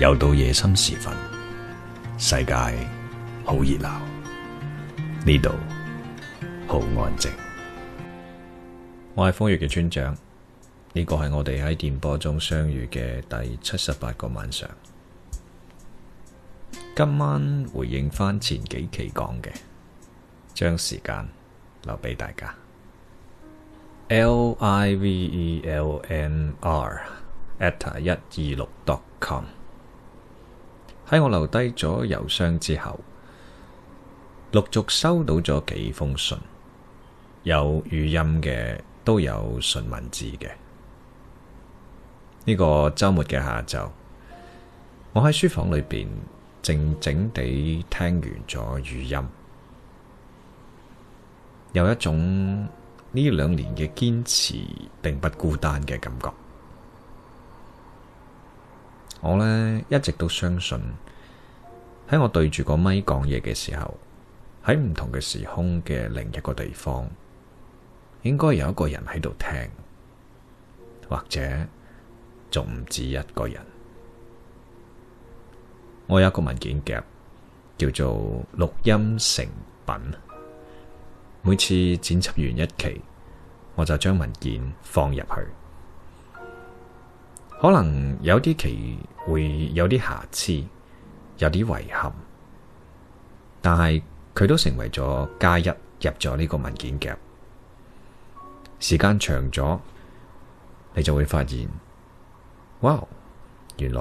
又到夜深時分，世界好熱鬧，呢度好安靜。我係瘋粵嘅村長，呢個係我哋喺電波中相遇嘅第七十八個晚上。今晚回應返前幾期講嘅，將時間留畀大家。l i v e l n r at 一二六 dot com。喺我留低咗郵箱之後，陸續收到咗幾封信，有語音嘅，都有純文字嘅。呢、這個周末嘅下晝，我喺書房裏邊靜靜地聽完咗語音，有一種呢兩年嘅堅持並不孤單嘅感覺。我呢一直都相信，喺我對住個咪講嘢嘅時候，喺唔同嘅時空嘅另一個地方，應該有一個人喺度聽，或者仲唔止一個人。我有一個文件夾，叫做錄音成品，每次剪輯完一期，我就將文件放入去。可能有啲期會有啲瑕疵，有啲遺憾，但係佢都成為咗加一，入咗呢個文件夾。時間長咗，你就會發現，哇，原來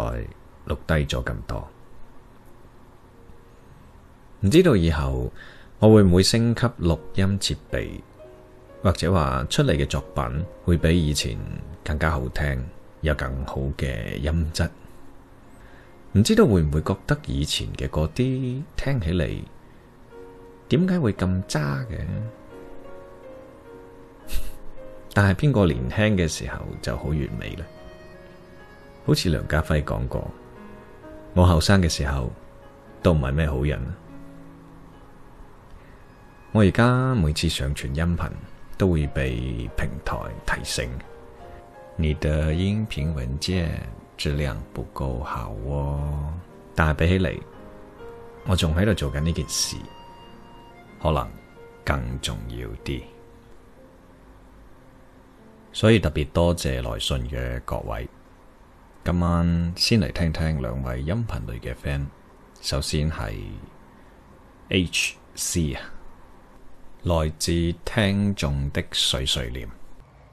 錄低咗咁多。唔知道以後我會唔會升級錄音設備，或者話出嚟嘅作品會比以前更加好聽。有更好嘅音質，唔知道會唔會覺得以前嘅嗰啲聽起嚟，點解會咁渣嘅？但係邊個年輕嘅時候就好完美咧？好似梁家輝講過，我後生嘅時候都唔係咩好人。我而家每次上傳音頻都會被平台提醒。你的音頻文件質量不夠好哦，但係比起嚟，我仲喺度做緊呢件事，可能更重要啲，所以特別多謝來信嘅各位。今晚先嚟聽聽兩位音頻類嘅 fan，首先係 HC 啊，來自聽眾的碎碎念。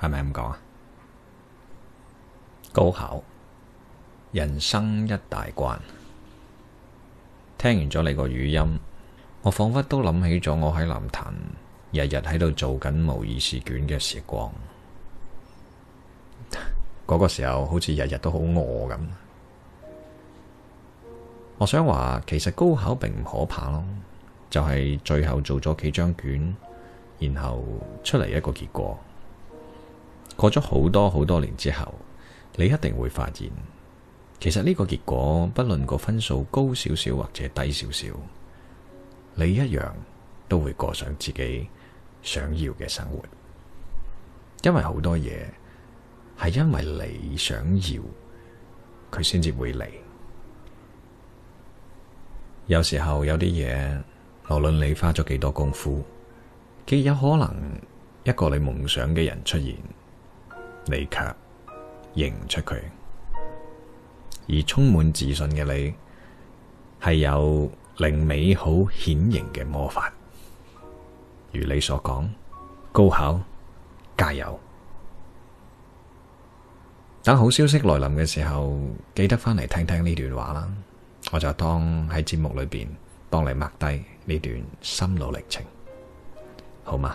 係咪咁講啊？高考，人生一大關。聽完咗你個語音，我仿佛都諗起咗我喺南壇日日喺度做緊模擬試卷嘅時光。嗰個時候好似日日都好餓咁。我想話，其實高考並唔可怕咯，就係最後做咗幾張卷，然後出嚟一個結果。過咗好多好多年之後，你一定會發現，其實呢個結果不論個分數高少少或者低少少，你一樣都會過上自己想要嘅生活。因為好多嘢係因為你想要佢先至會嚟。有時候有啲嘢，無論你花咗幾多功夫，極有可能一個你夢想嘅人出現。你卻認唔出佢，而充滿自信嘅你，係有令美好顯形嘅魔法。如你所講，高考加油！等好消息來臨嘅時候，記得翻嚟聽聽呢段話啦。我就當喺節目裏邊幫你 MARK 低呢段心路歷程，好嗎？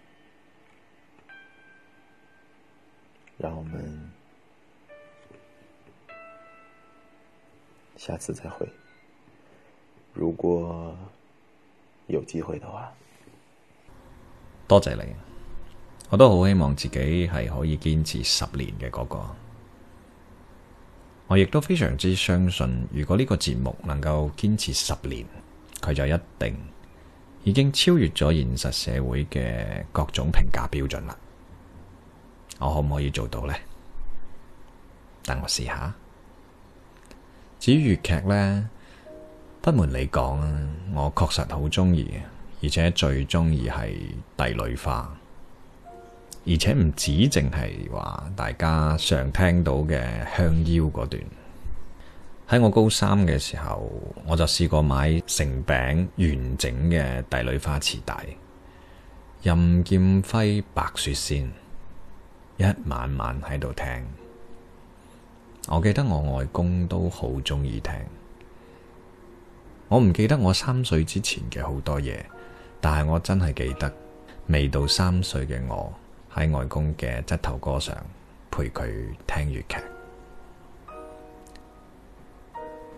讓我們下次再會。如果有機會的話，多謝你，我都好希望自己係可以堅持十年嘅嗰個。我亦都非常之相信，如果呢個節目能夠堅持十年，佢就一定已經超越咗現實社會嘅各種評價標準啦。我可唔可以做到呢？等我試下。至於粵劇呢，不瞞你講，我確實好中意，而且最中意係《帝女花》，而且唔止淨係話大家常聽到嘅香夭嗰段。喺我高三嘅時候，我就試過買成餅完整嘅《帝女花》磁帶，《任劍輝白雪仙》。一晚晚喺度聽，我記得我外公都好鍾意聽。我唔記得我三歲之前嘅好多嘢，但係我真係記得未到三歲嘅我喺外公嘅膝頭哥上陪佢聽粵劇。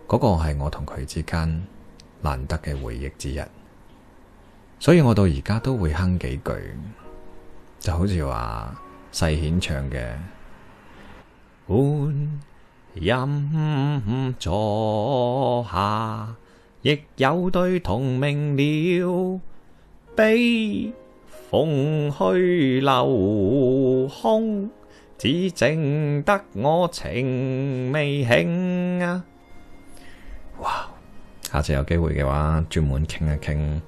嗰個係我同佢之間難得嘅回憶之一，所以我到而家都會哼幾句，就好似話。世顯唱嘅，觀音座下，亦有對同命鳥，悲鳳去樓空，只剩得我情未磬啊！哇，下次有機會嘅話，專門傾一傾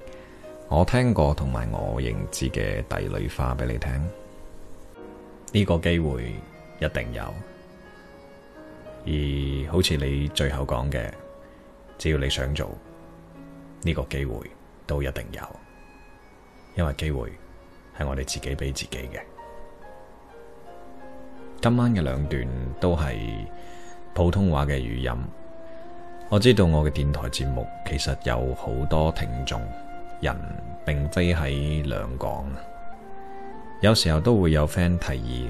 我聽過同埋我認知嘅帝女花畀你聽。呢個機會一定有，而好似你最後講嘅，只要你想做，呢個機會都一定有，因為機會係我哋自己俾自己嘅。今晚嘅兩段都係普通話嘅語音，我知道我嘅電台節目其實有好多聽眾，人並非喺兩廣。有時候都會有 fan 提議，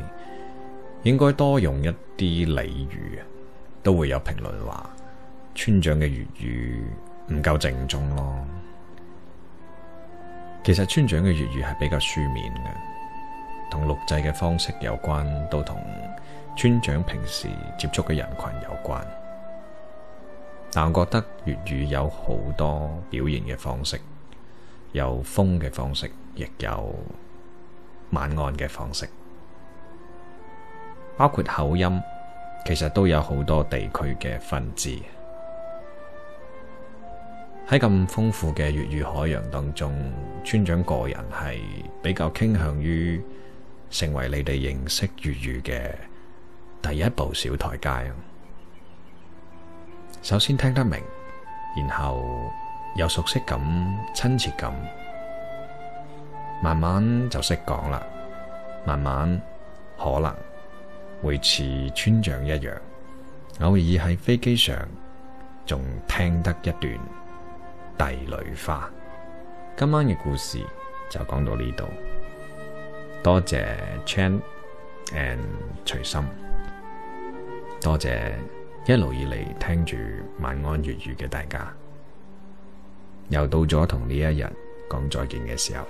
應該多用一啲俚語，都會有評論話村長嘅粵語唔夠正宗咯。其實村長嘅粵語係比較書面嘅，同錄製嘅方式有關，都同村長平時接觸嘅人群有關。但我覺得粵語有好多表現嘅方式，有瘋嘅方式，亦有，晚安嘅方式，包括口音，其實都有好多地區嘅分支。喺咁豐富嘅粵語海洋當中，村長個人係比較傾向於成為你哋認識粵語嘅第一步小台階。首先聽得明，然後有熟悉感、親切感。慢慢就識講啦，慢慢可能會似村長一樣，偶爾喺飛機上仲聽得一段帝女花。今晚嘅故事就講到呢度，多謝 Chan and 隨心，多謝一路以嚟聽住晚安粵語嘅大家，又到咗同呢一日講再見嘅時候啦。